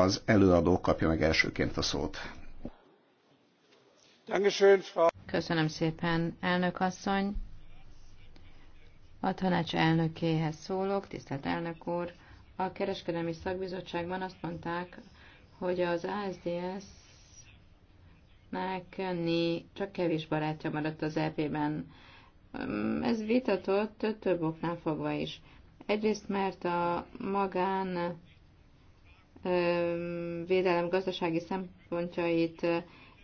Az előadó kapja meg elsőként a szót. Köszönöm szépen, elnök asszony. A tanács elnökéhez szólok, tisztelt elnök úr. A kereskedelmi szakbizottságban azt mondták, hogy az ASDS-nek csak kevés barátja maradt az EP-ben. Ez vitatott több oknál fogva is. Egyrészt, mert a magán védelem gazdasági szempontjait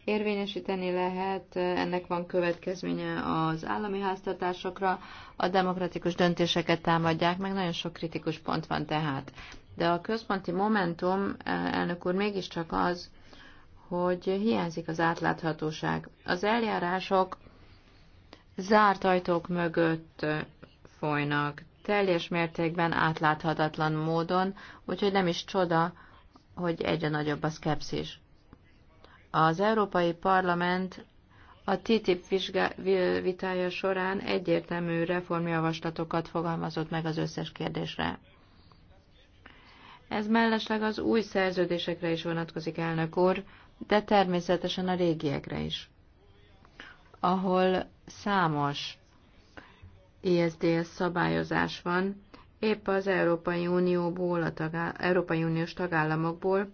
érvényesíteni lehet, ennek van következménye az állami háztartásokra, a demokratikus döntéseket támadják, meg nagyon sok kritikus pont van tehát. De a központi momentum, elnök úr, mégiscsak az, hogy hiányzik az átláthatóság. Az eljárások zárt ajtók mögött folynak, teljes mértékben átláthatatlan módon, úgyhogy nem is csoda, hogy egyre nagyobb a szkepszis. Az Európai Parlament a TTIP vitája során egyértelmű reformjavaslatokat fogalmazott meg az összes kérdésre. Ez mellesleg az új szerződésekre is vonatkozik, elnök úr, de természetesen a régiekre is, ahol számos ISDS szabályozás van, épp az Európai Unióból, a tagá- Európai Uniós tagállamokból,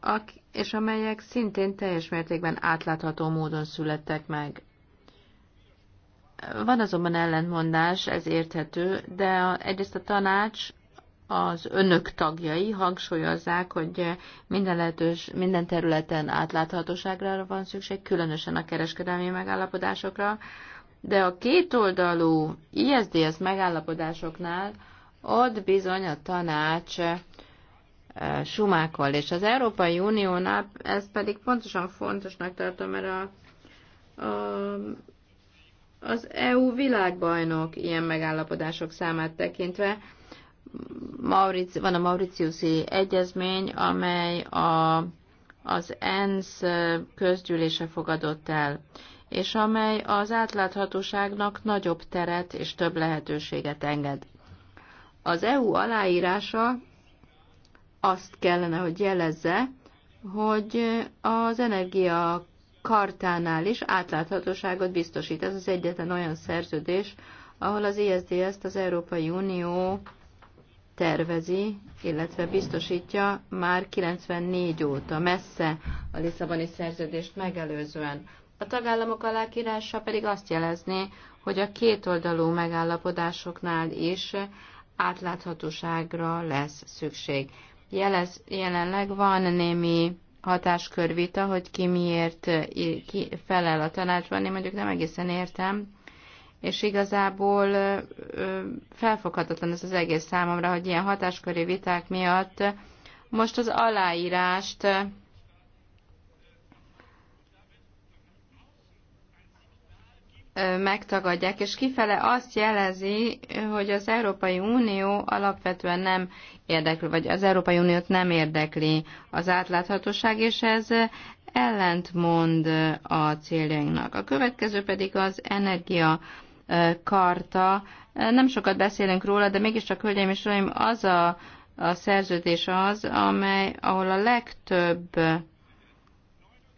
ak- és amelyek szintén teljes mértékben átlátható módon születtek meg. Van azonban ellentmondás, ez érthető, de a, egyrészt a tanács az önök tagjai hangsúlyozzák, hogy minden, lehetős, minden területen átláthatóságra van szükség, különösen a kereskedelmi megállapodásokra, de a kétoldalú ISDS megállapodásoknál ott bizony a tanács eh, sumákol, és az Európai Uniónál ez pedig pontosan fontosnak tartom, mert a, a, az EU világbajnok ilyen megállapodások számát tekintve. Mauric, van a Mauritiuszi Egyezmény, amely a, az ENSZ eh, közgyűlése fogadott el, és amely az átláthatóságnak nagyobb teret és több lehetőséget enged. Az EU aláírása azt kellene, hogy jelezze, hogy az energia kartánál is átláthatóságot biztosít. Ez az egyetlen olyan szerződés, ahol az ISD ezt az Európai Unió tervezi, illetve biztosítja már 94 óta, messze a Lisszaboni szerződést megelőzően. A tagállamok alákírása pedig azt jelezné, hogy a kétoldalú megállapodásoknál is átláthatóságra lesz szükség. Jelez, jelenleg van némi hatáskörvita, hogy ki miért ki felel a tanácsban, én mondjuk nem egészen értem, és igazából felfoghatatlan ez az egész számomra, hogy ilyen hatásköri viták miatt most az aláírást megtagadják, és kifele azt jelezi, hogy az Európai Unió alapvetően nem érdekli, vagy az Európai Uniót nem érdekli az átláthatóság, és ez ellentmond a céljainknak. A következő pedig az energia karta. Nem sokat beszélünk róla, de mégiscsak, hölgyeim és uraim, az a, a szerződés az, amely, ahol a legtöbb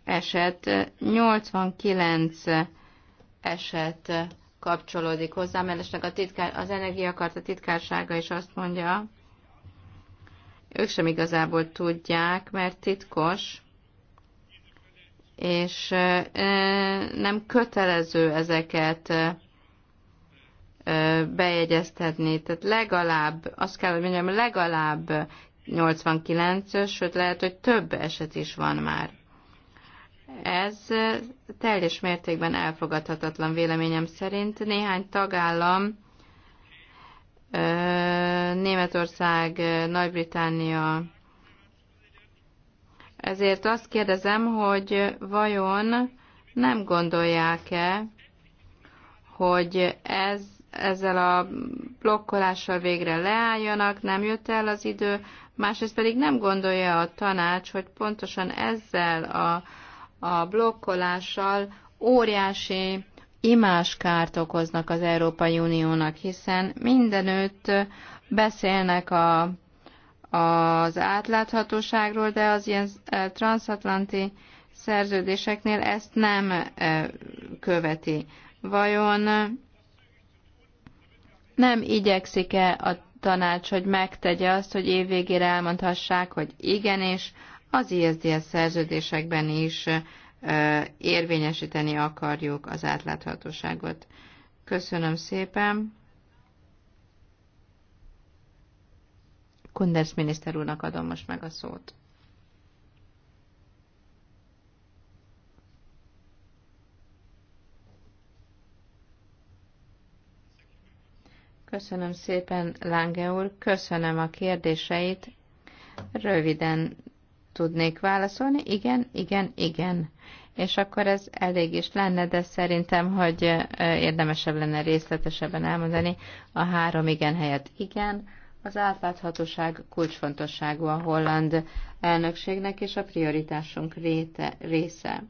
eset 89 eset kapcsolódik hozzá, mellesleg a titkár, az energiakarta titkársága is azt mondja, ők sem igazából tudják, mert titkos, és nem kötelező ezeket bejegyeztetni. Tehát legalább, azt kell, hogy mondjam, legalább 89-ös, sőt lehet, hogy több eset is van már. Ez teljes mértékben elfogadhatatlan véleményem szerint. Néhány tagállam, Németország, Nagy-Britannia. Ezért azt kérdezem, hogy vajon nem gondolják-e, hogy ez, ezzel a blokkolással végre leálljanak, nem jött el az idő, másrészt pedig nem gondolja a tanács, hogy pontosan ezzel a a blokkolással óriási imáskárt okoznak az Európai Uniónak, hiszen mindenütt beszélnek a, az átláthatóságról, de az ilyen e, transatlanti szerződéseknél ezt nem e, követi. Vajon nem igyekszik-e a tanács, hogy megtegye azt, hogy évvégére elmondhassák, hogy igenis, az ISDS szerződésekben is érvényesíteni akarjuk az átláthatóságot. Köszönöm szépen. Kundersz miniszter úrnak adom most meg a szót. Köszönöm szépen, Lange úr, köszönöm a kérdéseit. Röviden tudnék válaszolni, igen, igen, igen. És akkor ez elég is lenne, de szerintem, hogy érdemesebb lenne részletesebben elmondani a három igen helyett. Igen, az átláthatóság kulcsfontosságú a holland elnökségnek és a prioritásunk réte, része.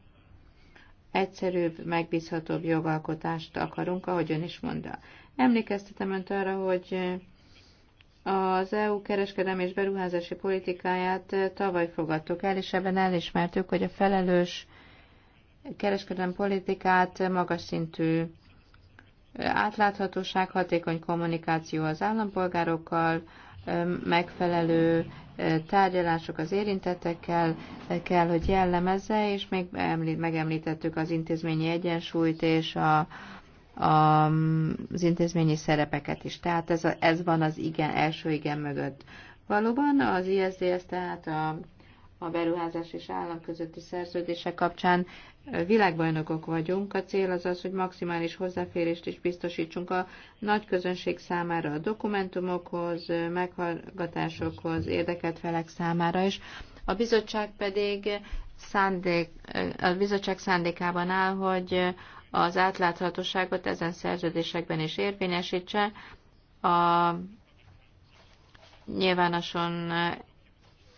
Egyszerűbb, megbízhatóbb jogalkotást akarunk, ahogy ön is mondta. Emlékeztetem önt arra, hogy az EU kereskedelmi és beruházási politikáját eh, tavaly fogadtuk el, és ebben elismertük, hogy a felelős kereskedelmi politikát magas szintű eh, átláthatóság, hatékony kommunikáció az állampolgárokkal, eh, megfelelő tárgyalások az érintettekkel kell, hogy jellemezze, és még megemlítettük az intézményi egyensúlyt és a, az intézményi szerepeket is. Tehát ez, a, ez van az igen, első igen mögött. Valóban az ISDS, tehát a, a beruházás és állam közötti szerződése kapcsán világbajnokok vagyunk. A cél az az, hogy maximális hozzáférést is biztosítsunk a nagy közönség számára a dokumentumokhoz, meghallgatásokhoz, érdekelt felek számára is. A bizottság pedig szándék, a bizottság szándékában áll, hogy az átláthatóságot ezen szerződésekben is érvényesítse, a nyilvánosan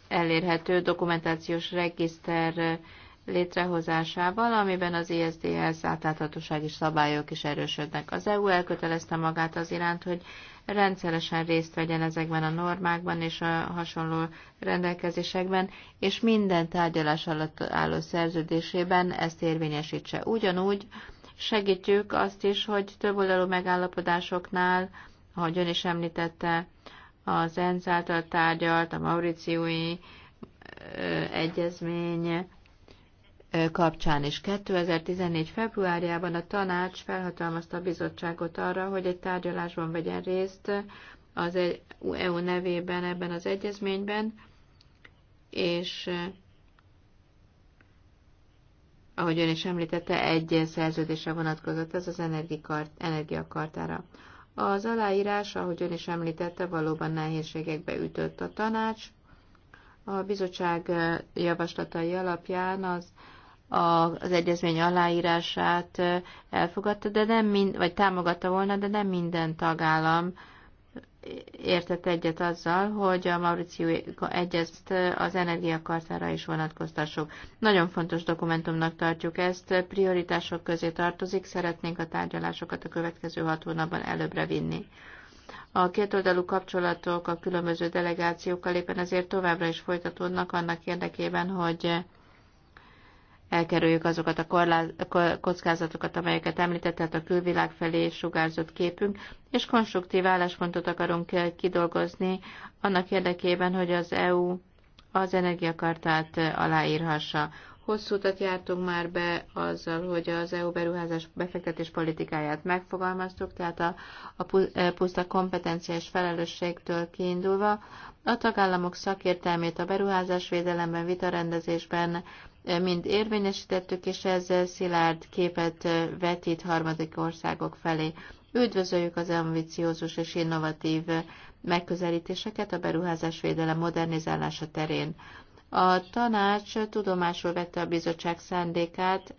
elérhető dokumentációs regiszter létrehozásával, amiben az ISDS átláthatósági szabályok is erősödnek. Az EU elkötelezte magát az iránt, hogy rendszeresen részt vegyen ezekben a normákban és a hasonló rendelkezésekben, és minden tárgyalás alatt álló szerződésében ezt érvényesítse. Ugyanúgy, segítjük azt is, hogy több oldalú megállapodásoknál, ahogy ön is említette, az ENSZ által tárgyalt, a Mauriciói egyezmény kapcsán is. 2014. februárjában a tanács felhatalmazta a bizottságot arra, hogy egy tárgyalásban vegyen részt az EU e nevében ebben az egyezményben, és ahogy ön is említette, egy szerződésre vonatkozott ez az energiakartára. Az aláírás, ahogy ön is említette, valóban nehézségekbe ütött a tanács. A bizottság javaslatai alapján az, az egyezmény aláírását elfogadta, de nem mind, vagy támogatta volna, de nem minden tagállam értett egyet azzal, hogy a Mauricio egyezt az energiakartára is vonatkoztassuk. Nagyon fontos dokumentumnak tartjuk ezt, prioritások közé tartozik, szeretnénk a tárgyalásokat a következő hat hónapban előbbre vinni. A kétoldalú kapcsolatok a különböző delegációkkal éppen ezért továbbra is folytatódnak annak érdekében, hogy elkerüljük azokat a kockázatokat, amelyeket említett, tehát a külvilág felé sugárzott képünk, és konstruktív álláspontot akarunk eh, kidolgozni annak érdekében, hogy az EU az energiakartát eh, aláírhassa. Hosszú utat jártunk már be azzal, hogy az EU beruházás befektetés politikáját megfogalmaztuk, tehát a, a eh, puszta kompetenciás felelősségtől kiindulva a tagállamok szakértelmét a beruházás védelemben, vitarendezésben, mind érvényesítettük, és ezzel szilárd képet vetít harmadik országok felé. Üdvözöljük az ambiciózus és innovatív megközelítéseket a beruházás modernizálása terén. A tanács tudomásul vette a bizottság szándékát,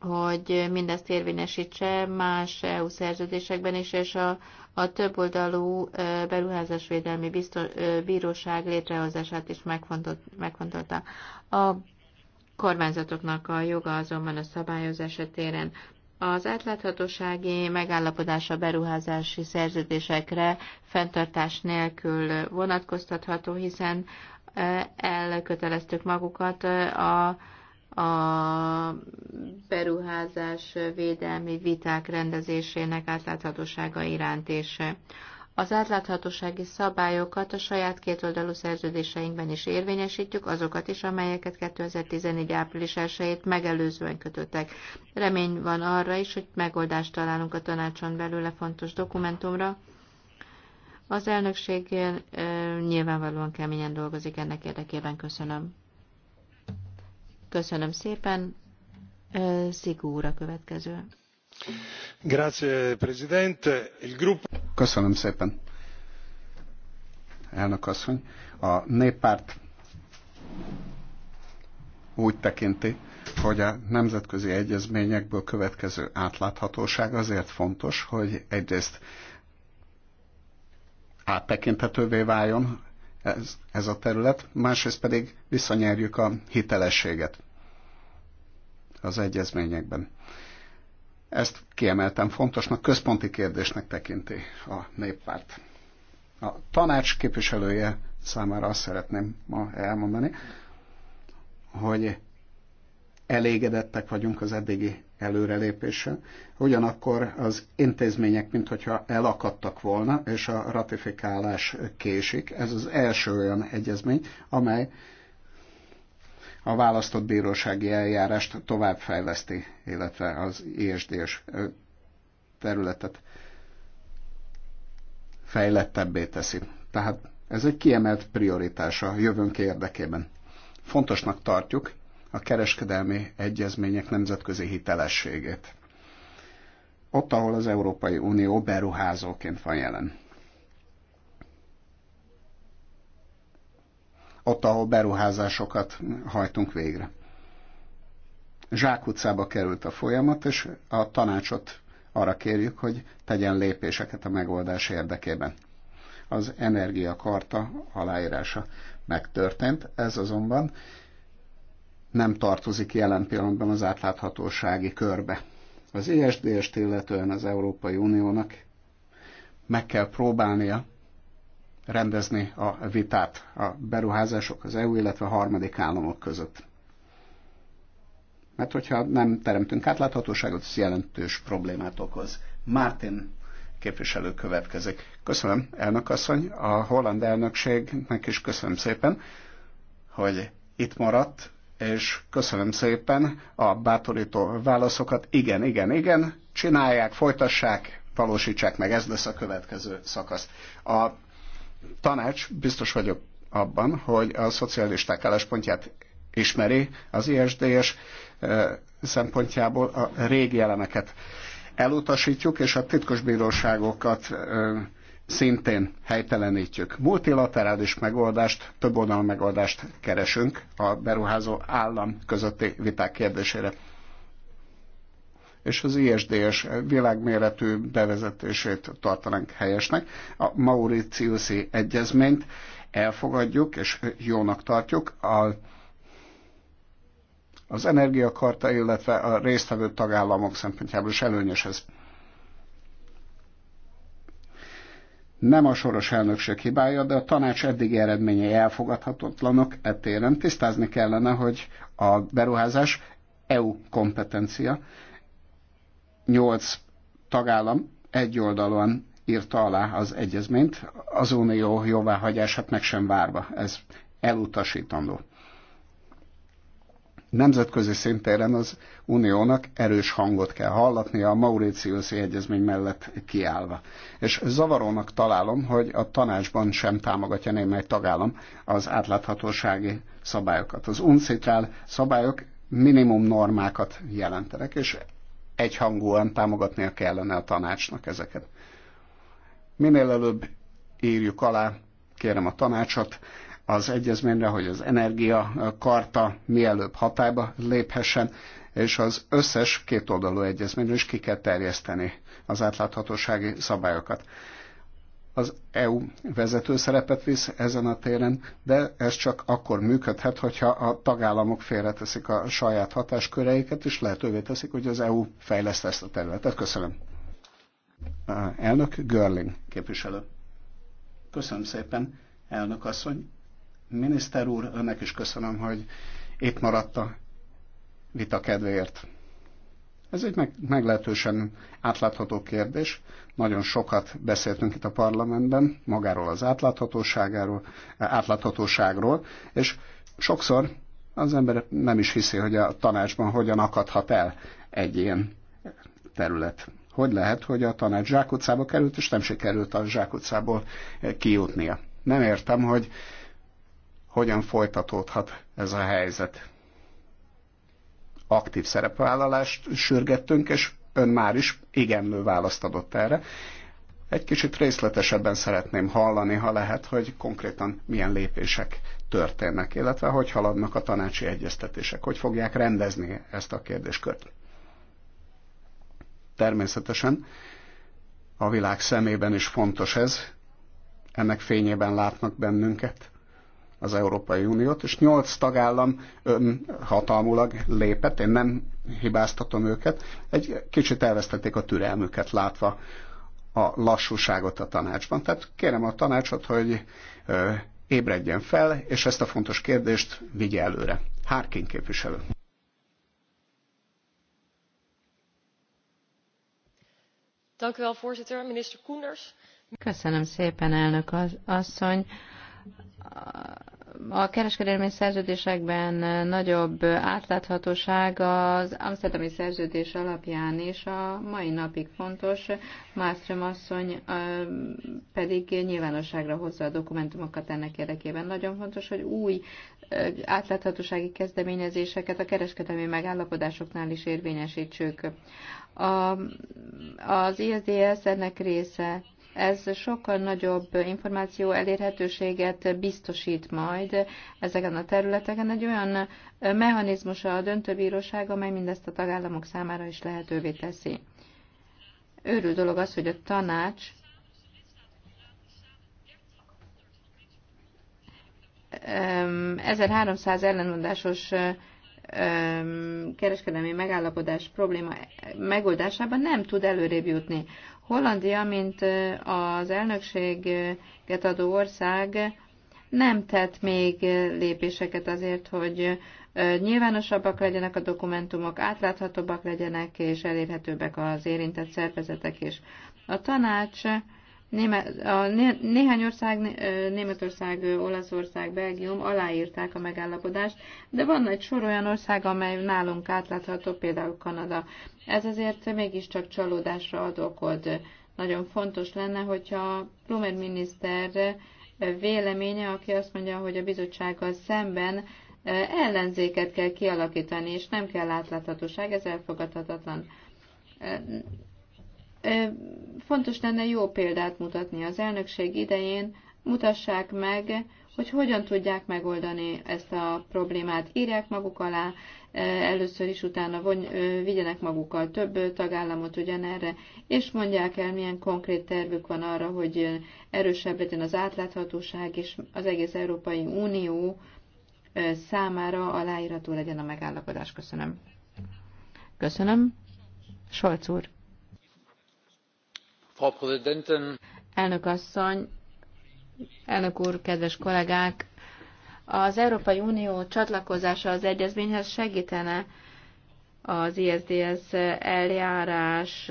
hogy mindezt érvényesítse más EU szerződésekben is, és a, a többoldalú beruházásvédelmi biztos, bíróság létrehozását is megfontolt, megfontolta. A kormányzatoknak a joga azonban a szabályozás téren. Az átláthatósági megállapodása beruházási szerződésekre fenntartás nélkül vonatkoztatható, hiszen elköteleztük magukat a a beruházás védelmi viták rendezésének átláthatósága iránt és az átláthatósági szabályokat a saját kétoldalú szerződéseinkben is érvényesítjük, azokat is, amelyeket 2014. április 1 megelőzően kötöttek. Remény van arra is, hogy megoldást találunk a tanácson belőle fontos dokumentumra. Az elnökség eh, nyilvánvalóan keményen dolgozik ennek érdekében. Köszönöm. Köszönöm szépen. Szigúra következő. Grazie, Presidente. Il gruppo... Köszönöm szépen. Elnök asszony, a néppárt úgy tekinti, hogy a nemzetközi egyezményekből következő átláthatóság azért fontos, hogy egyrészt áttekinthetővé váljon ez, ez a terület, másrészt pedig visszanyerjük a hitelességet az egyezményekben. Ezt kiemeltem fontosnak, központi kérdésnek tekinti a néppárt. A tanács képviselője számára azt szeretném ma elmondani, hogy elégedettek vagyunk az eddigi előrelépése. Ugyanakkor az intézmények, mintha elakadtak volna, és a ratifikálás késik. Ez az első olyan egyezmény, amely a választott bírósági eljárást továbbfejleszti, illetve az ISD-s területet fejlettebbé teszi. Tehát ez egy kiemelt prioritása a jövőnk érdekében. Fontosnak tartjuk, a kereskedelmi egyezmények nemzetközi hitelességét. Ott, ahol az Európai Unió beruházóként van jelen. Ott, ahol beruházásokat hajtunk végre. utcába került a folyamat, és a tanácsot arra kérjük, hogy tegyen lépéseket a megoldás érdekében. Az energiakarta aláírása megtörtént, ez azonban nem tartozik jelen pillanatban az átláthatósági körbe. Az isds e t illetően az Európai Uniónak meg kell próbálnia rendezni a vitát a beruházások az EU, illetve a harmadik államok között. Mert hogyha nem teremtünk átláthatóságot, ez jelentős problémát okoz. Martin képviselő következik. Köszönöm, elnök asszony, a holland elnökségnek is köszönöm szépen, hogy itt maradt, és köszönöm szépen a bátorító válaszokat. Igen, igen, igen, csinálják, folytassák, valósítsák meg, ez lesz a következő szakasz. A tanács, biztos vagyok abban, hogy a szocialisták álláspontját ismeri az ISDS eh, szempontjából a régi elemeket elutasítjuk, és a titkos bíróságokat eh, szintén helytelenítjük. Multilaterális megoldást, több oldalon megoldást keresünk a beruházó állam közötti viták kérdésére. És az ISDS világméretű bevezetését tartanánk helyesnek. A Mauritiuszi egyezményt elfogadjuk és jónak tartjuk. A az energiakarta, illetve a résztvevő tagállamok szempontjából is előnyös ez. nem a soros elnökség hibája, de a tanács eddigi eredményei elfogadhatatlanok téren Tisztázni kellene, hogy a beruházás EU kompetencia. Nyolc tagállam egyoldalúan írta alá az egyezményt, az unió jóváhagyását meg sem várva. Ez elutasítandó nemzetközi szintéren az uniónak erős hangot kell hallatnia a Mauritiusi egyezmény mellett kiállva. És zavarónak találom, hogy a tanácsban sem támogatja némely tagállam az átláthatósági szabályokat. Az uncitrál szabályok minimum normákat jelentenek, és egyhangúan támogatnia kellene a tanácsnak ezeket. Minél előbb írjuk alá, kérem a tanácsot, az egyezményre, hogy az energiakarta mielőbb hatályba léphessen, és az összes kétoldalú egyezményre is ki kell terjeszteni az átláthatósági szabályokat. Az EU vezető szerepet visz ezen a téren, de ez csak akkor működhet, hogyha a tagállamok félreteszik a saját hatásköreiket, és lehetővé teszik, hogy az EU fejleszt ezt a területet. Köszönöm. Elnök Görling képviselő. Köszönöm szépen, elnök asszony. Miniszter úr, önnek is köszönöm, hogy itt maradt a vita kedvéért. Ez egy meg, meglehetősen átlátható kérdés. Nagyon sokat beszéltünk itt a parlamentben magáról az átláthatóságáról, átláthatóságról, és sokszor az ember nem is hiszi, hogy a tanácsban hogyan akadhat el egy ilyen terület. Hogy lehet, hogy a tanács zsákutcába került, és nem sikerült a zsákutcából kijutnia. Nem értem, hogy hogyan folytatódhat ez a helyzet. Aktív szerepvállalást sürgettünk, és ön már is igenlő választ adott erre. Egy kicsit részletesebben szeretném hallani, ha lehet, hogy konkrétan milyen lépések történnek, illetve hogy haladnak a tanácsi egyeztetések, hogy fogják rendezni ezt a kérdéskört. Természetesen a világ szemében is fontos ez, ennek fényében látnak bennünket az Európai Uniót, és nyolc tagállam hatalmulag lépett, én nem hibáztatom őket, egy kicsit elvesztették a türelmüket látva a lassúságot a tanácsban. Tehát kérem a tanácsot, hogy ébredjen fel, és ezt a fontos kérdést vigye előre. Hárkin képviselő. Köszönöm szépen, elnök asszony a kereskedelmi szerződésekben nagyobb átláthatóság az Amsterdami szerződés alapján is a mai napig fontos. Mászrem asszony pedig nyilvánosságra hozza a dokumentumokat ennek érdekében. Nagyon fontos, hogy új átláthatósági kezdeményezéseket a kereskedelmi megállapodásoknál is érvényesítsük. A, az ISDS ennek része ez sokkal nagyobb információ elérhetőséget biztosít majd ezeken a területeken. Egy olyan mechanizmusa a döntőbíróság, amely mindezt a tagállamok számára is lehetővé teszi. Őrül dolog az, hogy a tanács um, 1300 ellenmondásos kereskedelmi megállapodás probléma megoldásában nem tud előrébb jutni. Hollandia, mint az elnökséget adó ország nem tett még lépéseket azért, hogy nyilvánosabbak legyenek a dokumentumok, átláthatóbbak legyenek és elérhetőbbek az érintett szervezetek is. A tanács Német, a né, néhány ország, Németország, Olaszország, Belgium aláírták a megállapodást, de van egy sor olyan ország, amely nálunk átlátható, például Kanada. Ez azért mégiscsak csalódásra ad okod. Nagyon fontos lenne, hogyha a miniszter véleménye, aki azt mondja, hogy a bizottsággal szemben ellenzéket kell kialakítani, és nem kell átláthatóság, ez elfogadhatatlan Fontos lenne jó példát mutatni az elnökség idején, mutassák meg, hogy hogyan tudják megoldani ezt a problémát. Írják maguk alá, először is utána von, vigyenek magukkal több tagállamot ugyanerre, és mondják el, milyen konkrét tervük van arra, hogy erősebb legyen az átláthatóság, és az egész Európai Unió számára aláírató legyen a megállapodás. Köszönöm. Köszönöm. Solc úr. Frau Präsidentin! Elnök asszony, elnök úr, kedves kollégák! Az Európai Unió csatlakozása az egyezményhez segítene az ISDS eljárás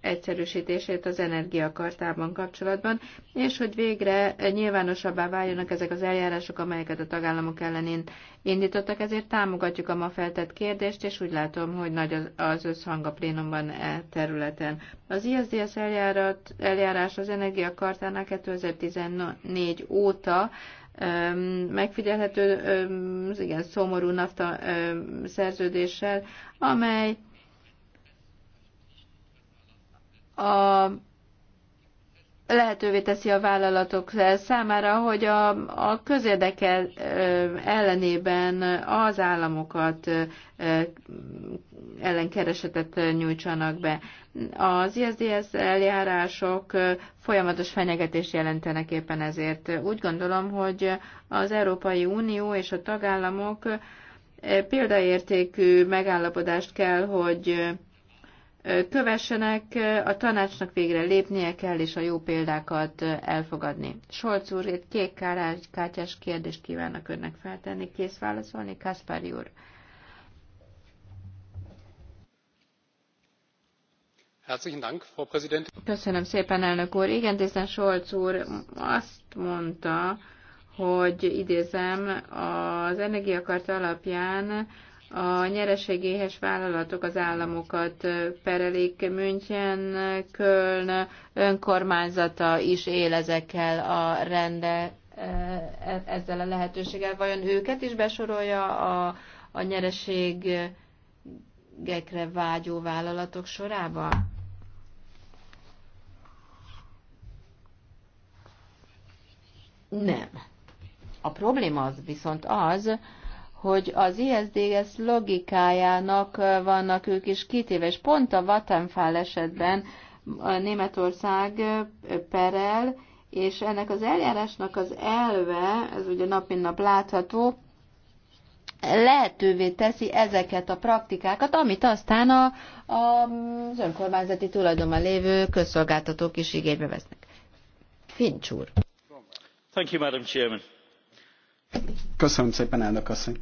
egyszerűsítését az energiakartában kapcsolatban, és hogy végre nyilvánosabbá váljanak ezek az eljárások, amelyeket a tagállamok ellen indítottak, ezért támogatjuk a ma feltett kérdést, és úgy látom, hogy nagy az összhang a plénumban e területen. Az ISDS eljárat, eljárás az energiakartának 2014 óta megfigyelhető igen szomorú nafta szerződéssel, amely a lehetővé teszi a vállalatok számára, hogy a, a közérdeke ellenében az államokat ellenkeresetet nyújtsanak be. Az ISDS eljárások folyamatos fenyegetést jelentenek éppen ezért. Úgy gondolom, hogy az Európai Unió és a tagállamok példaértékű megállapodást kell, hogy kövessenek, a tanácsnak végre lépnie kell, és a jó példákat elfogadni. Solc úr, egy kék kártyás kérdést kívánok önnek feltenni. Kész válaszolni, Kaspari úr. Köszönöm szépen, elnök úr. Igen, tisztán Solc úr azt mondta, hogy idézem, az energiakart alapján a nyereségéhes vállalatok az államokat perelik. München, Köln önkormányzata is él ezekkel a rende, e, ezzel a lehetőséggel. Vajon őket is besorolja a, a nyereségekre vágyó vállalatok sorába? Nem. A probléma az viszont az, hogy az ISDS logikájának vannak ők is kitéve, és pont a Vattenfall esetben a Németország perel, és ennek az eljárásnak az elve, ez ugye nap mint nap látható, lehetővé teszi ezeket a praktikákat, amit aztán a, a, az önkormányzati tulajdonban lévő közszolgáltatók is igénybe vesznek. Fincs úr. Thank you, Madam Chairman. Köszönöm szépen, elnök asszony.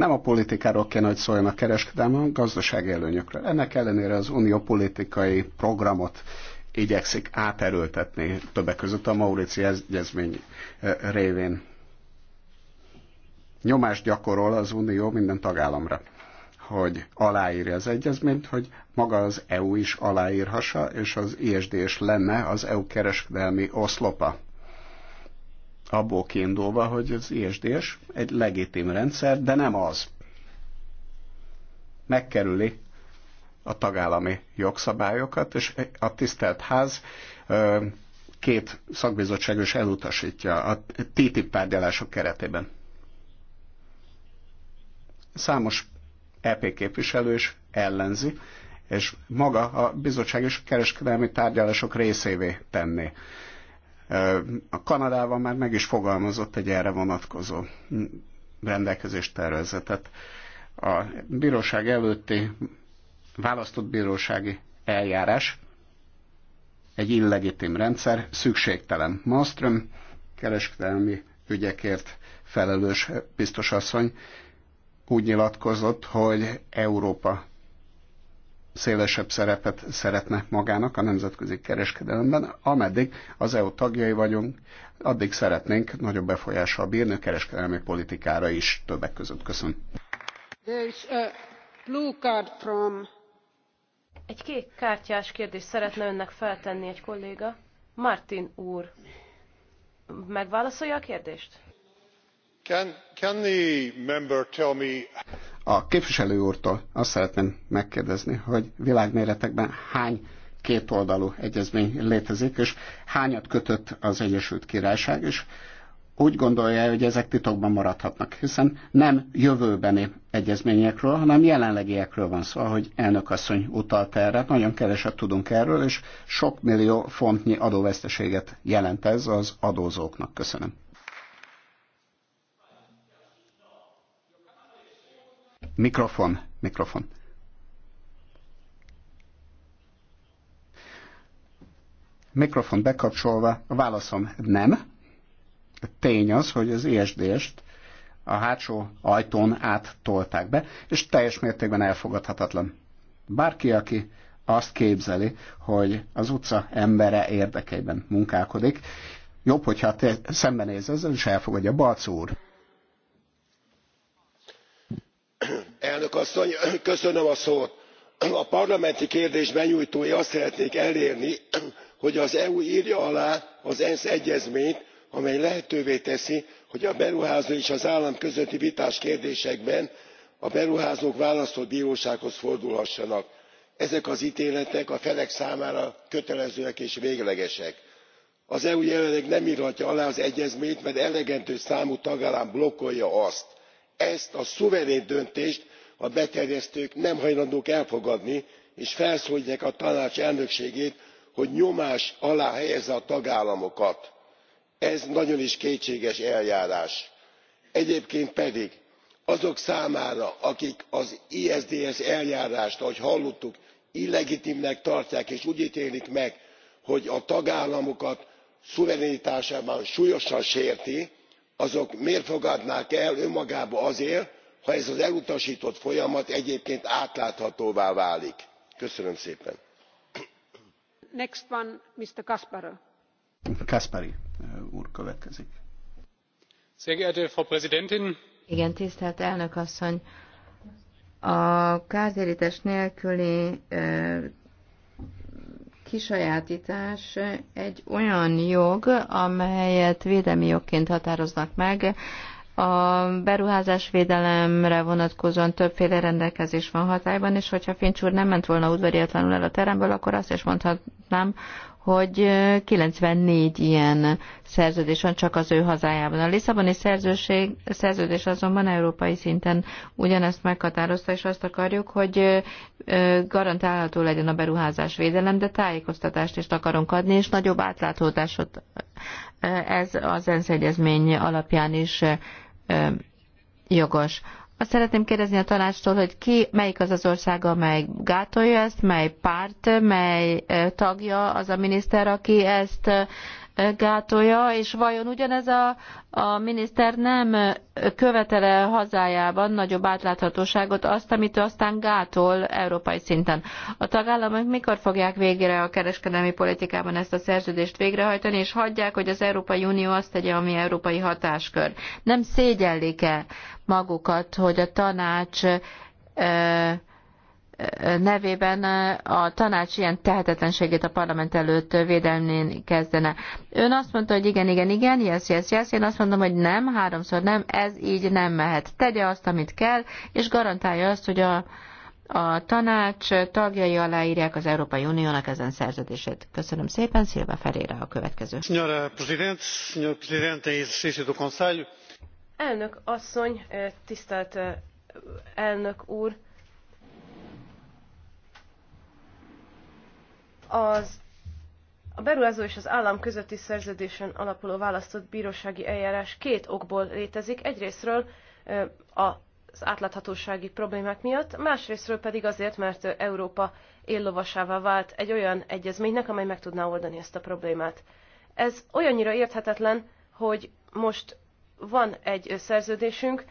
Nem a politikáról kéne, hogy a kereskedelme, hanem gazdasági előnyökről. Ennek ellenére az unió politikai programot igyekszik áterültetni többek között a Maurici egyezmény révén. Nyomást gyakorol az Unió minden tagállamra, hogy aláírja az egyezményt, hogy maga az EU is aláírhassa, és az ISD is lenne az EU kereskedelmi oszlopa abból kiindulva, hogy az ISDS egy legitim rendszer, de nem az. Megkerüli a tagállami jogszabályokat, és a tisztelt ház két szakbizottság is elutasítja a TTIP tárgyalások keretében. Számos EP képviselő is ellenzi, és maga a bizottság is kereskedelmi tárgyalások részévé tenni a Kanadában már meg is fogalmazott egy erre vonatkozó rendelkezést tervezetet. A bíróság előtti választott bírósági eljárás egy illegitim rendszer, szükségtelen. Malmström kereskedelmi ügyekért felelős biztosasszony úgy nyilatkozott, hogy Európa szélesebb szerepet szeretne magának a nemzetközi kereskedelemben, ameddig az EU tagjai vagyunk, addig szeretnénk nagyobb befolyással bírni a kereskedelmi politikára is többek között. Köszönöm. From... Egy kék kártyás kérdést szeretne önnek feltenni egy kolléga. Martin úr, megválaszolja a kérdést? Can, can the member tell me... A képviselő úrtól azt szeretném megkérdezni, hogy világméretekben hány kétoldalú egyezmény létezik, és hányat kötött az Egyesült Királyság, és úgy gondolja, hogy ezek titokban maradhatnak, hiszen nem jövőbeni egyezményekről, hanem jelenlegiekről van szó, ahogy elnök asszony utalt erre, nagyon keveset tudunk erről, és sok millió fontnyi adóveszteséget jelent ez az adózóknak. Köszönöm. Mikrofon, mikrofon. Mikrofon bekapcsolva, a válaszom nem. A tény az, hogy az ISDS-t a hátsó ajtón áttolták be, és teljes mértékben elfogadhatatlan. Bárki, aki azt képzeli, hogy az utca embere érdekeiben munkálkodik, jobb, hogyha te szembenéz ezzel, és elfogadja. Balc úr! elnök asszony a parlamenti kérdés benyújtói azt szeretnék elérni hogy az eu rja alá az ensz egyezményt amely lehetővé teszi hogy a beruházó és az állam közötti vitás kérdésekben a beruházók választott brósághoz fordulhassanak. ezek az téletek a felek számára kötelezőek és véglegesek. az eu jelenleg nem rhatja alá az egyezményt mert elegendő számú tagállam blokkolja azt ezt a szuverén döntést a beterjesztők nem hajlandók elfogadni és felszóltják a tanács elnökségét hogy nyomás alá helyezze a tagállamokat. ez nagyon is kétséges eljárás. egyébként pedig azok számára akik az isds eljárást ahogy hallottuk illegitimnek tartják és úgy télik meg hogy a tagállamokat szuverenitásában súlyosan sérti azok miért fogadnák el önmagában azért ha ez az elutastott folyamat egyébként átláthatóvá válik. köszönöm szépen! Eh, frau präsidentin! igen tisztelt elnök asszony! a kártértés nélküli eh, kisajátítás egy olyan jog, amelyet védelmi jogként határoznak meg. A beruházás védelemre vonatkozóan többféle rendelkezés van hatályban, és hogyha Fincs úr nem ment volna udvariatlanul el a teremből, akkor azt is mondhatnám, hogy 94 ilyen szerződés van csak az ő hazájában. A Lisszaboni szerzőség, szerződés azonban európai szinten ugyanezt meghatározta, és azt akarjuk, hogy garantálható legyen a beruházás védelem, de tájékoztatást is akarunk adni, és nagyobb átláthatást ez az ENSZ egyezmény alapján is jogos. Azt szeretném kérdezni a tanácstól, hogy ki, melyik az az ország, amely gátolja ezt, mely párt, mely eh, tagja az a miniszter, aki ezt eh, gátolja, és vajon ugyanez a, a miniszter nem követele hazájában nagyobb átláthatóságot, azt, amit ő aztán gátol európai szinten. A tagállamok mikor fogják végre a kereskedelmi politikában ezt a szerződést végrehajtani, és hagyják, hogy az Európai Unió azt tegye, ami európai hatáskör. Nem szégyellik-e magukat, hogy a tanács nevében eh, a tanács ilyen tehetetlenségét a parlament előtt védelmén kezdene. Ön azt mondta, hogy igen, igen, igen, yes, yes, yes. Én azt mondom, hogy nem, háromszor nem, ez így nem mehet. Tegye azt, amit kell, és garantálja azt, hogy a, a tanács tagjai aláírják az Európai Uniónak ezen szerződését. Köszönöm szépen, Szilva Ferére a következő. Senhora Presidente, Senhor Presidente Elnök asszony, eh, tisztelt eh, elnök úr, az a beruházó és az állam közötti szerződésen alapuló választott bírósági eljárás két okból létezik. Egyrésztről az átláthatósági problémák miatt, másrésztről pedig azért, mert Európa éllovasává vált egy olyan egyezménynek, amely meg tudná oldani ezt a problémát. Ez olyannyira érthetetlen, hogy most van egy szerződésünk,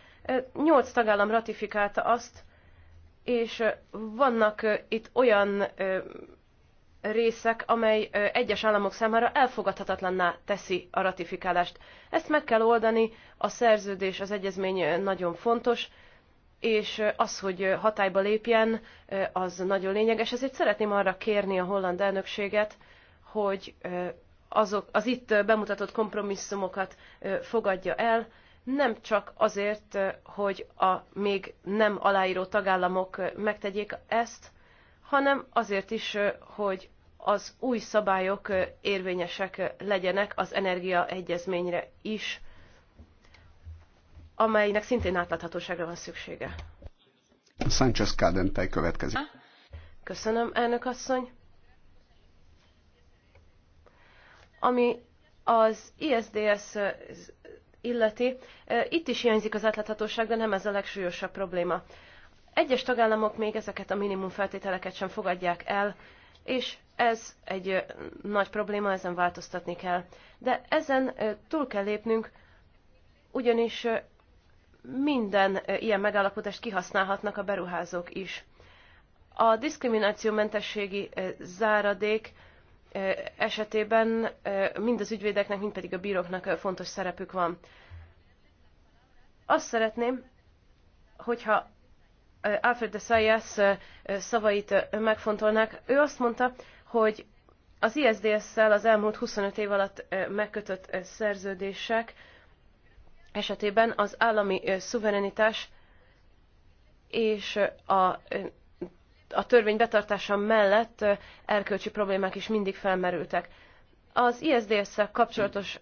nyolc tagállam ratifikálta azt, és vannak itt olyan részek, amely egyes államok számára elfogadhatatlanná teszi a ratifikálást. Ezt meg kell oldani, a szerződés, az egyezmény nagyon fontos, és az, hogy hatályba lépjen, az nagyon lényeges. Ezért szeretném arra kérni a holland elnökséget, hogy azok, az itt bemutatott kompromisszumokat fogadja el, nem csak azért, hogy a még nem aláíró tagállamok megtegyék ezt, hanem azért is, hogy az új szabályok érvényesek legyenek az energiaegyezményre is, amelynek szintén átláthatóságra van szüksége. Sánchez Kádentej következik. Köszönöm, elnök asszony. Ami az ISDS illeti, itt is hiányzik az átláthatóság, de nem ez a legsúlyosabb probléma. Egyes tagállamok még ezeket a minimum feltételeket sem fogadják el, és ez egy nagy probléma, ezen változtatni kell. De ezen túl kell lépnünk, ugyanis minden ilyen megállapodást kihasználhatnak a beruházók is. A diszkriminációmentességi záradék esetében mind az ügyvédeknek, mind pedig a bíróknak fontos szerepük van. Azt szeretném, hogyha Alfred de Sayas szavait megfontolnák. Ő azt mondta, hogy az ISDS-szel az elmúlt 25 év alatt megkötött szerződések esetében az állami szuverenitás és a, a törvény betartása mellett erkölcsi problémák is mindig felmerültek. Az ISDS-szel kapcsolatos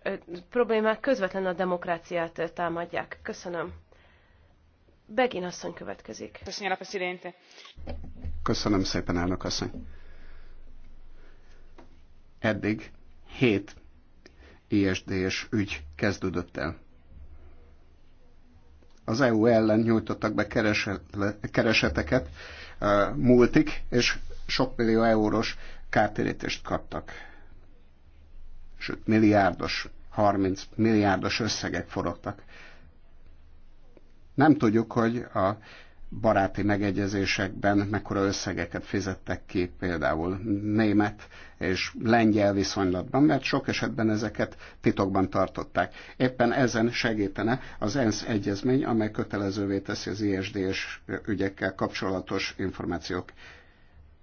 problémák közvetlenül a demokráciát támadják. Köszönöm. Begin asszony következik. Köszönöm szépen, elnök asszony. Eddig hét ISDS ügy kezdődött el. Az EU ellen nyújtottak be kereseteket e, múltik és sok millió eurós kártérítést kaptak. Sőt, milliárdos, 30 milliárdos összegek forogtak nem tudjuk, hogy a baráti megegyezésekben mekkora összegeket fizettek ki például német és lengyel viszonylatban, mert sok esetben ezeket titokban tartották. Éppen ezen segítene az ENSZ egyezmény, amely kötelezővé teszi az ISDS ügyekkel kapcsolatos információk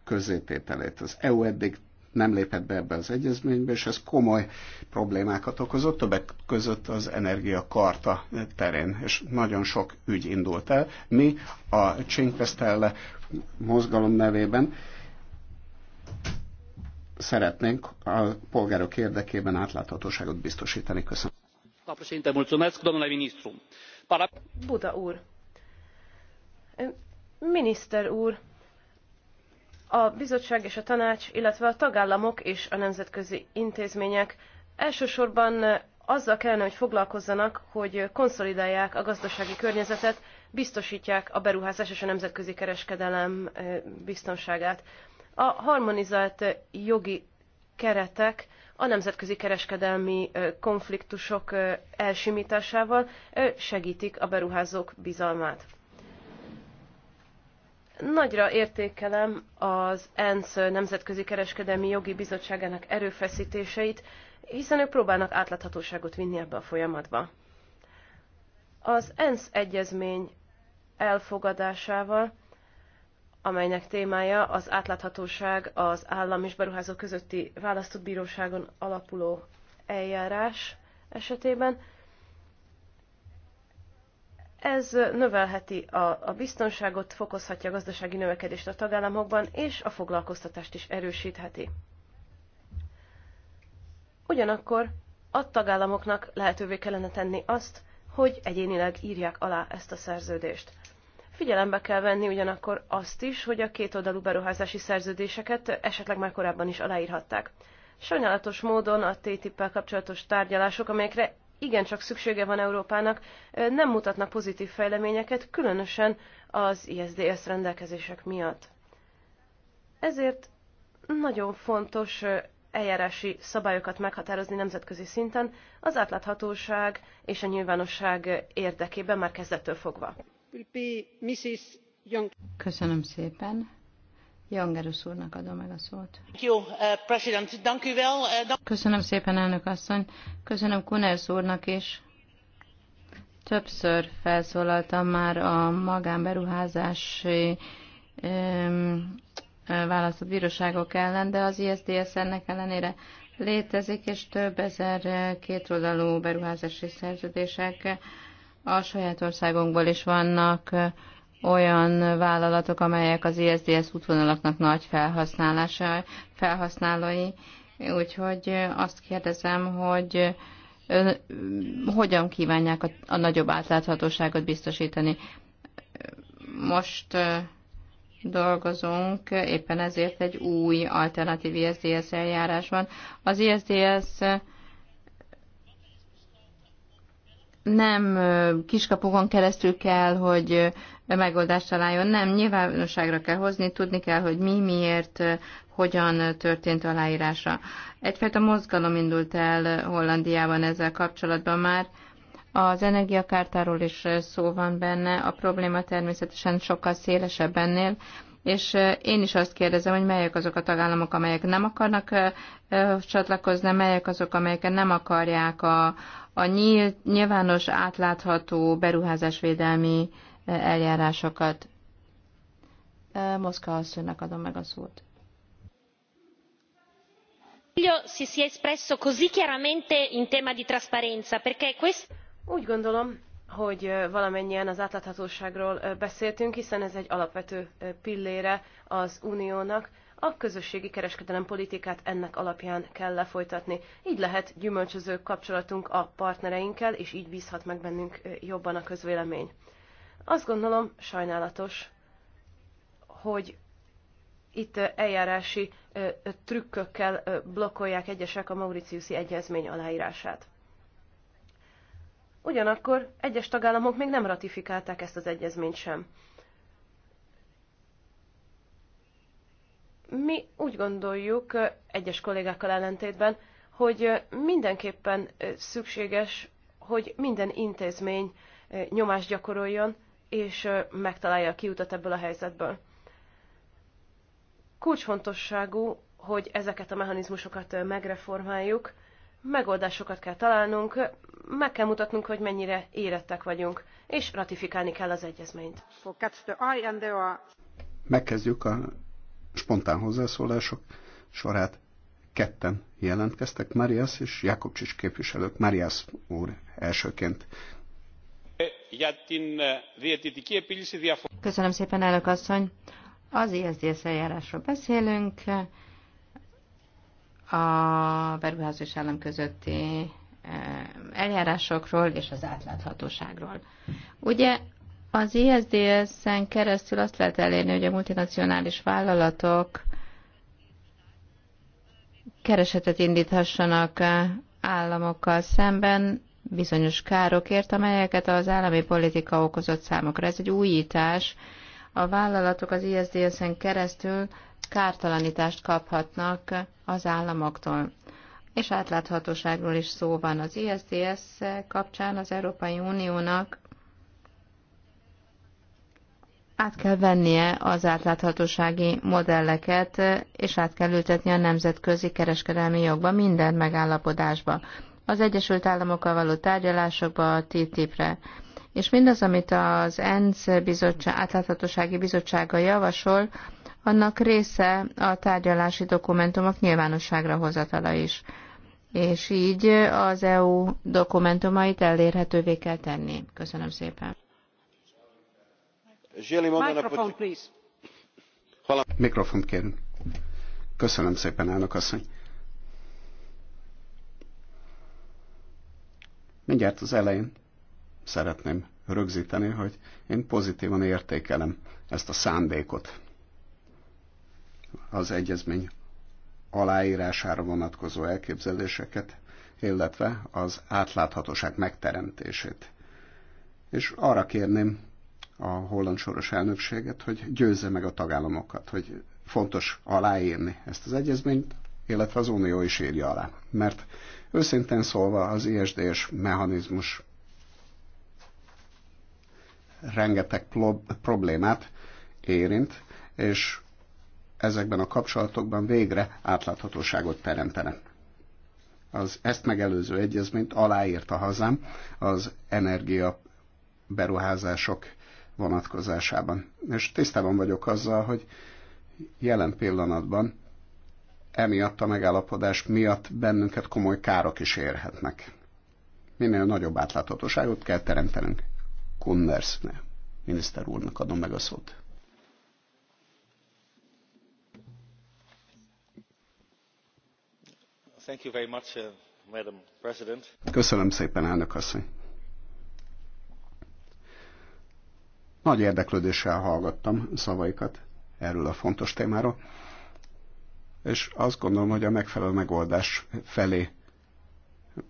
közzétételét. Az EU eddig nem lépett be ebbe az egyezménybe, és ez komoly problémákat okozott, többek között az energiakarta terén, és nagyon sok ügy indult el. Mi a Csinkvesztelle mozgalom nevében szeretnénk a polgárok érdekében átláthatóságot biztosítani. Köszönöm. Buda úr, miniszter úr, a bizottság és a tanács, illetve a tagállamok és a nemzetközi intézmények elsősorban azzal kellene, hogy foglalkozzanak, hogy konszolidálják a gazdasági környezetet, biztosítják a beruházás és a nemzetközi kereskedelem biztonságát. A harmonizált jogi keretek a nemzetközi kereskedelmi konfliktusok elsimításával segítik a beruházók bizalmát. Nagyra értékelem az ENSZ Nemzetközi Kereskedelmi Jogi Bizottságának erőfeszítéseit, hiszen ők próbálnak átláthatóságot vinni ebbe a folyamatba. Az ENSZ egyezmény elfogadásával, amelynek témája az átláthatóság az állam és beruházó közötti választott bíróságon alapuló eljárás esetében, ez növelheti a, a biztonságot, fokozhatja a gazdasági növekedést a tagállamokban, és a foglalkoztatást is erősítheti. Ugyanakkor a tagállamoknak lehetővé kellene tenni azt, hogy egyénileg írják alá ezt a szerződést. Figyelembe kell venni ugyanakkor azt is, hogy a kétoldalú beruházási szerződéseket esetleg már korábban is aláírhatták. Sajnálatos módon a ttip kapcsolatos tárgyalások, amelyekre igencsak szüksége van Európának, nem mutatnak pozitív fejleményeket, különösen az ISDS rendelkezések miatt. Ezért nagyon fontos eljárási szabályokat meghatározni nemzetközi szinten az átláthatóság és a nyilvánosság érdekében már kezdettől fogva. Köszönöm szépen. Jangerus úrnak adom meg a szót. Uh, uh, Köszönöm szépen, elnök asszony. Köszönöm Kuners úrnak is. Többször felszólaltam már a magánberuházási választott bíróságok ellen, de az ISDS ennek ellenére létezik, és több ezer kétoldalú beruházási szerződések a saját országunkból is vannak olyan vállalatok, amelyek az ISDS útvonalaknak nagy felhasználása, felhasználói. Úgyhogy azt kérdezem, hogy ön, hogyan kívánják a, a nagyobb átláthatóságot biztosítani. Most dolgozunk, éppen ezért egy új alternatív ISDS eljárás van. Az ISDS nem kiskapukon keresztül kell, hogy megoldást találjon, nem, nyilvánosságra kell hozni, tudni kell, hogy mi, miért, hogyan történt aláírása. Egyfajta mozgalom indult el Hollandiában ezzel kapcsolatban már, az energiakártáról is szó van benne, a probléma természetesen sokkal szélesebb ennél, és én is azt kérdezem, hogy melyek azok a tagállamok, amelyek nem akarnak csatlakozni, melyek azok, amelyek nem akarják a, a nyílt, nyilvános, átlátható beruházásvédelmi eljárásokat. Moszka asszonynak adom meg a szót. Úgy gondolom, hogy valamennyien az átláthatóságról beszéltünk, hiszen ez egy alapvető pillére az uniónak, a közösségi kereskedelem politikát ennek alapján kell lefolytatni. Így lehet gyümölcsöző kapcsolatunk a partnereinkkel, és így bízhat meg bennünk jobban a közvélemény. Azt gondolom sajnálatos, hogy itt eljárási trükkökkel blokkolják egyesek a Mauritiuszi Egyezmény aláírását. Ugyanakkor egyes tagállamok még nem ratifikálták ezt az egyezményt sem. Mi úgy gondoljuk, egyes kollégákkal ellentétben, hogy mindenképpen szükséges, hogy minden intézmény nyomást gyakoroljon, és megtalálja a kiutat ebből a helyzetből. Kulcsfontosságú, hogy ezeket a mechanizmusokat megreformáljuk, megoldásokat kell találnunk, meg kell mutatnunk, hogy mennyire érettek vagyunk, és ratifikálni kell az egyezményt. Megkezdjük a spontán hozzászólások sorát. Ketten jelentkeztek, Marias és Jakobcsics képviselők. Marias úr elsőként. Köszönöm szépen, elnök asszony. Az ISDS eljárásról beszélünk, a beruházó és állam közötti eh, eljárásokról és az átláthatóságról. Ugye az ISDS-en keresztül azt lehet elérni, hogy a multinacionális vállalatok keresetet indíthassanak eh, államokkal szemben bizonyos károkért, amelyeket az állami politika okozott számokra. Ez egy újítás. A vállalatok az ISDS-en keresztül kártalanítást kaphatnak az államoktól. És átláthatóságról is szó van. Az ISDS kapcsán az Európai Uniónak át kell vennie az átláthatósági modelleket, és át kell ültetni a nemzetközi kereskedelmi jogba, minden megállapodásba, az Egyesült Államokkal való tárgyalásokba, a TTIP-re. És mindaz, amit az ENSZ bizottság, átláthatósági bizottsága javasol, annak része a tárgyalási dokumentumok nyilvánosságra hozatala is, és így az EU dokumentumait elérhetővé kell tenni. Köszönöm szépen. Mikrofon, kérünk. Köszönöm szépen, elnök asszony. Mindjárt az elején szeretném rögzíteni, hogy én pozitívan értékelem ezt a szándékot, az egyezmény aláírására vonatkozó elképzeléseket, illetve az átláthatóság megteremtését. És arra kérném a holland soros elnökséget, hogy győzze meg a tagállamokat, hogy fontos aláírni ezt az egyezményt, illetve az Unió is írja alá. Mert őszintén szólva az ISDS mechanizmus rengeteg problémát érint, és ezekben a kapcsolatokban végre átláthatóságot teremtene. Az ezt megelőző egyezményt aláírta hazám az energia beruházások vonatkozásában. És tisztában vagyok azzal, hogy jelen pillanatban emiatt a megállapodás miatt bennünket komoly károk is érhetnek. Minél nagyobb átláthatóságot kell teremtenünk. Kunders miniszter úrnak adom meg a szót. Uh, Köszönöm szépen, elnök asszony. Nagy érdeklődéssel hallgattam szavaikat erről a fontos témáról, és azt gondolom, hogy a megfelelő megoldás felé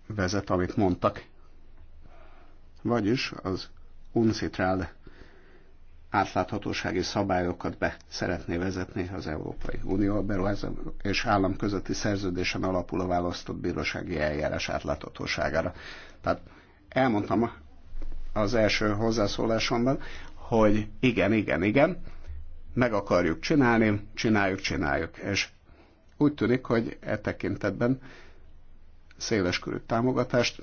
vezet, amit mondtak. Vagyis az uncitrál átláthatósági szabályokat be szeretné vezetni az Európai Unió, a és állam közötti szerződésen alapul a választott bírósági eljárás átláthatóságára. Tehát elmondtam az első hozzászólásomban, hogy igen, igen, igen, meg akarjuk csinálni, csináljuk, csináljuk. És úgy tűnik, hogy e tekintetben széleskörű támogatást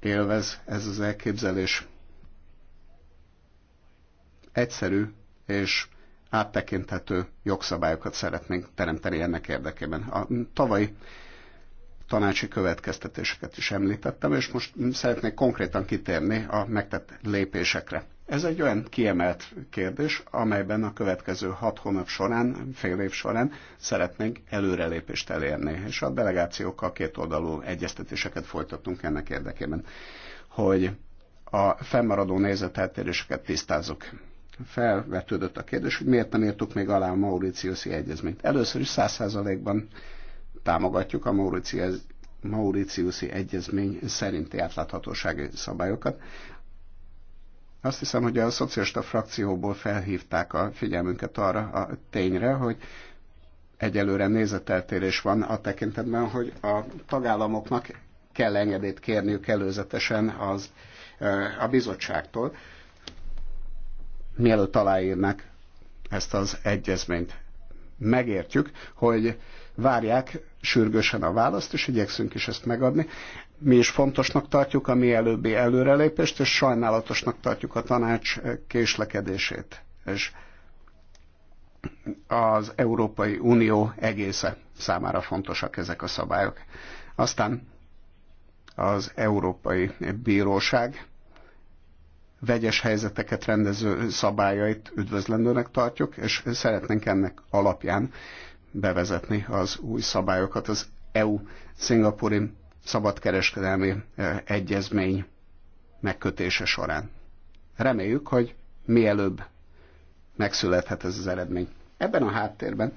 élvez ez az elképzelés egyszerű és áttekinthető jogszabályokat szeretnénk teremteni ennek érdekében. A tavalyi tanácsi következtetéseket is említettem, és most szeretnék konkrétan kitérni a megtett lépésekre. Ez egy olyan kiemelt kérdés, amelyben a következő hat hónap során, fél év során szeretnénk előrelépést elérni, és a delegációkkal két oldalú egyeztetéseket folytatunk ennek érdekében, hogy a fennmaradó nézeteltéréseket tisztázzuk felvetődött a kérdés, hogy miért nem írtuk még alá a Mauritiuszi egyezményt. Először is száz százalékban támogatjuk a Mauritiuszi egyezmény szerinti átláthatósági szabályokat. Azt hiszem, hogy a szocialista frakcióból felhívták a figyelmünket arra a tényre, hogy egyelőre nézeteltérés van a tekintetben, hogy a tagállamoknak kell engedélyt kérniük előzetesen az, a bizottságtól, mielőtt aláírnak ezt az egyezményt. Megértjük, hogy várják sürgősen a választ, és igyekszünk is ezt megadni. Mi is fontosnak tartjuk a mi előbbi előrelépést, és sajnálatosnak tartjuk a tanács késlekedését. És az Európai Unió egésze számára fontosak ezek a szabályok. Aztán az Európai Bíróság vegyes helyzeteket rendező szabályait üdvözlendőnek tartjuk, és szeretnénk ennek alapján bevezetni az új szabályokat az EU-szingapúri szabadkereskedelmi e, egyezmény megkötése során. Reméljük, hogy mielőbb megszülethet ez az eredmény. Ebben a háttérben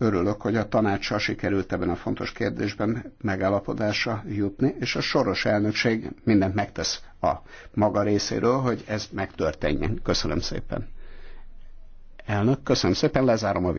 Örülök, hogy a tanácsa sikerült ebben a fontos kérdésben megállapodásra jutni, és a soros elnökség mindent megtesz a maga részéről, hogy ez megtörténjen. Köszönöm szépen. Elnök, köszönöm szépen, lezárom a